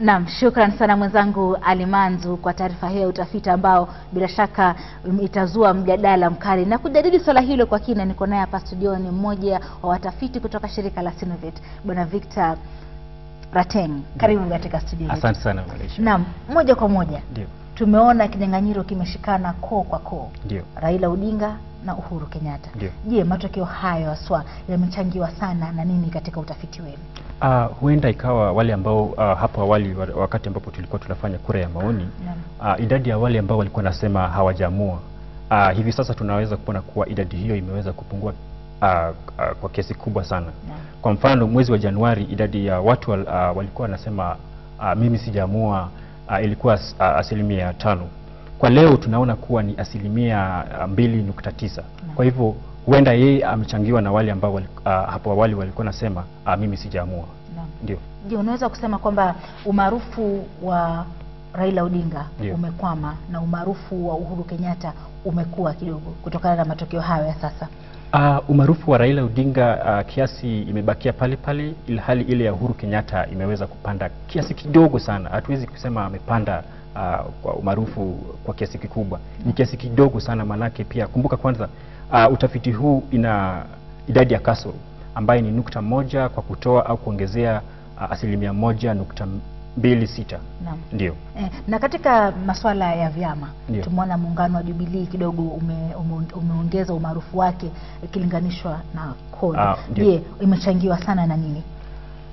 Naam, shukran sana mwenzangu Alimanzu kwa taarifa hiyo ya utafiti ambao bila shaka itazua mjadala mkali na kujadili swala hilo kwa kina. Niko naye hapa studioni mmoja wa watafiti kutoka shirika la Sinovet, Bwana Victor Rateng, karibu katika studio. Asante sana Malaysia. Naam, moja kwa moja. Ndio tumeona kinyang'anyiro kimeshikana koo kwa koo, Raila Odinga na Uhuru Kenyatta. Je, matokeo hayo haswa yamechangiwa sana na nini katika utafiti wenu? Uh, huenda ikawa wale ambao uh, hapo awali wakati ambapo tulikuwa tunafanya kura ya maoni uh, idadi ya wale ambao walikuwa nasema hawajaamua uh, hivi sasa tunaweza kuona kuwa idadi hiyo imeweza kupungua uh, uh, kwa kiasi kubwa sana na. Kwa mfano mwezi wa Januari idadi ya watu uh, walikuwa wanasema uh, mimi sijaamua uh, ilikuwa uh, asilimia tano. Kwa leo tunaona kuwa ni asilimia ah, mbili nukta tisa. Mm. Kwa hivyo huenda yeye amechangiwa na wale ambao uh, hapo awali walikuwa nasema uh, mimi sijaamua. Ndio. Je, unaweza kusema kwamba umaarufu wa Raila Odinga umekwama na umaarufu wa Uhuru Kenyatta umekuwa kidogo kutokana na matokeo hayo ya sasa? Uh, umaarufu wa Raila Odinga uh, kiasi imebakia pale pale, ilhali ile ya Uhuru Kenyatta imeweza kupanda kiasi kidogo sana. Hatuwezi kusema amepanda uh, kwa umaarufu kwa kiasi kikubwa, ni kiasi kidogo sana manake, pia kumbuka kwanza, uh, utafiti huu ina idadi ya kasoro ambaye ni nukta moja kwa kutoa au kuongezea uh, asilimia moja nukta mbili sita ndio eh. Na katika masuala ya vyama tumeona muungano wa jubilii kidogo ume, ume, umeongeza umaarufu wake ikilinganishwa na CORD. Ah, Je, imechangiwa sana na nini?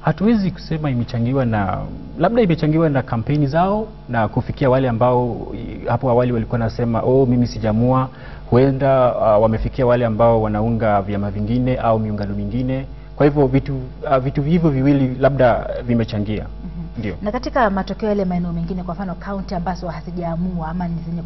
Hatuwezi kusema imechangiwa na, labda imechangiwa na kampeni zao na kufikia wale ambao hapo awali walikuwa nasema oh, mimi sijamua. Huenda uh, wamefikia wale ambao wanaunga vyama vingine au miungano mingine. Kwa hivyo vitu uh, vitu hivyo viwili labda vimechangia. Mm-hmm. Ndiyo. Na katika matokeo yale maeneo mengine, kwa mfano kaunti ambazo hazijaamua ama ni zenye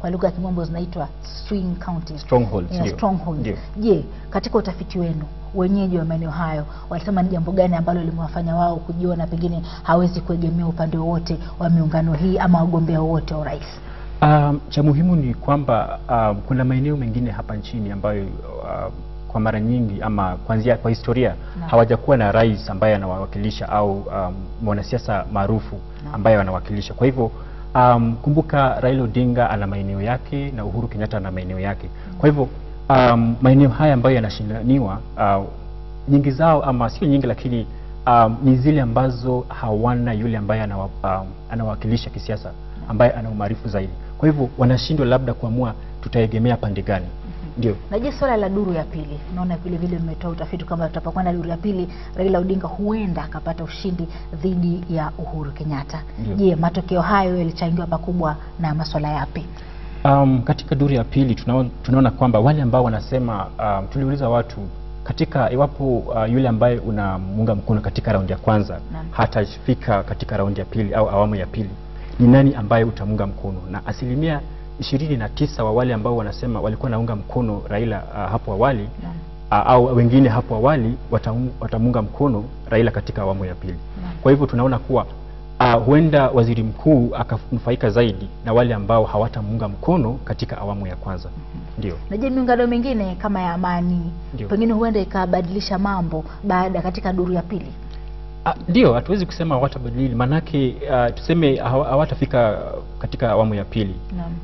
kwa lugha ya kimombo zinaitwa swing counties, strongholds. Yeah, strongholds. Je, katika utafiti wenu wenyeji wa maeneo hayo walisema ni jambo gani ambalo limewafanya wao kujiona pengine hawezi kuegemea upande wowote wa miungano hii ama wagombea wowote wa urais? Um, cha muhimu ni kwamba um, kuna maeneo mengine hapa nchini ambayo um, kwa mara nyingi ama kuanzia kwa historia na, hawajakuwa na rais ambaye anawawakilisha au um, mwanasiasa maarufu ambaye anawakilisha. Kwa hivyo um, kumbuka Raila Odinga ana maeneo yake na Uhuru Kenyatta ana maeneo yake mm. kwa hivyo um, maeneo haya ambayo yanashindaniwa uh, nyingi zao ama sio nyingi lakini um, ni zile ambazo hawana yule ambaye anawawakilisha um, kisiasa ambaye ana umaarifu zaidi. Kwa hivyo wanashindwa labda kuamua tutaegemea pande gani. Ndio. Na je, swala la duru ya pili, naona vile vile mmetoa utafiti kwamba tutapokuwa na duru ya pili Raila Odinga huenda akapata ushindi dhidi ya Uhuru Kenyatta. Je, matokeo hayo yalichangiwa pakubwa na masuala yapi? Um, katika duru ya pili tunaona, tunaona kwamba wale ambao wanasema um, tuliuliza watu katika iwapo uh, yule ambaye unamuunga mkono katika raundi ya kwanza na hatafika katika raundi ya pili au awamu ya pili, ni nani ambaye utamuunga mkono? Na asilimia ishirini na tisa wa wale ambao wanasema walikuwa naunga mkono Raila uh, hapo awali uh, au wengine hapo awali watamunga mkono Raila katika awamu ya pili Kwa hivyo tunaona kuwa uh, huenda waziri mkuu akanufaika zaidi na wale ambao hawatamuunga mkono katika awamu ya kwanza mm -hmm. Ndio. Na je, miungano mingine kama ya amani pengine huenda ikabadilisha mambo baada katika duru ya pili? Ah, ndio, hatuwezi kusema hawatabadilika, maanake uh, ah, tuseme hawatafika katika awamu ya pili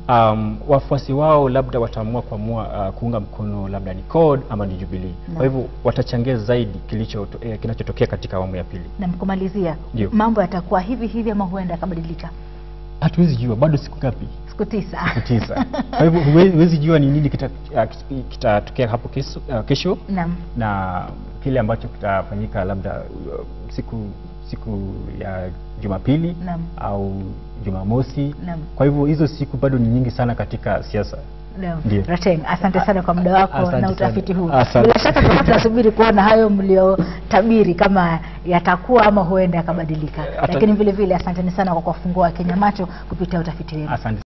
um, wafuasi wao labda wataamua kuamua uh, kuunga mkono labda ni CORD ama ni Jubilee. Kwa hivyo watachangia zaidi eh, kinachotokea katika awamu ya pili. Na mkumalizia, mambo yatakuwa hivi hivi ama huenda yakabadilika? Hatuwezi jua bado, siku ngapi? Siku tisa. Siku tisa. Kwa hivyo huwezi jua ni nini kitatokea kita hapo kesho, uh, na kile ambacho kitafanyika labda uh, siku siku ya Jumapili Naam. au Jumamosi Naam. Kwa hivyo hizo siku bado ni nyingi sana katika siasa. Rateng, asante sana kwa muda wako na utafiti huu. Bila shaka tutakuwa tunasubiri kuona hayo mliotabiri kama yatakuwa ama huenda yakabadilika, lakini vile vile asanteni sana kwa kuwafungua Wakenya macho kupitia utafiti wenu.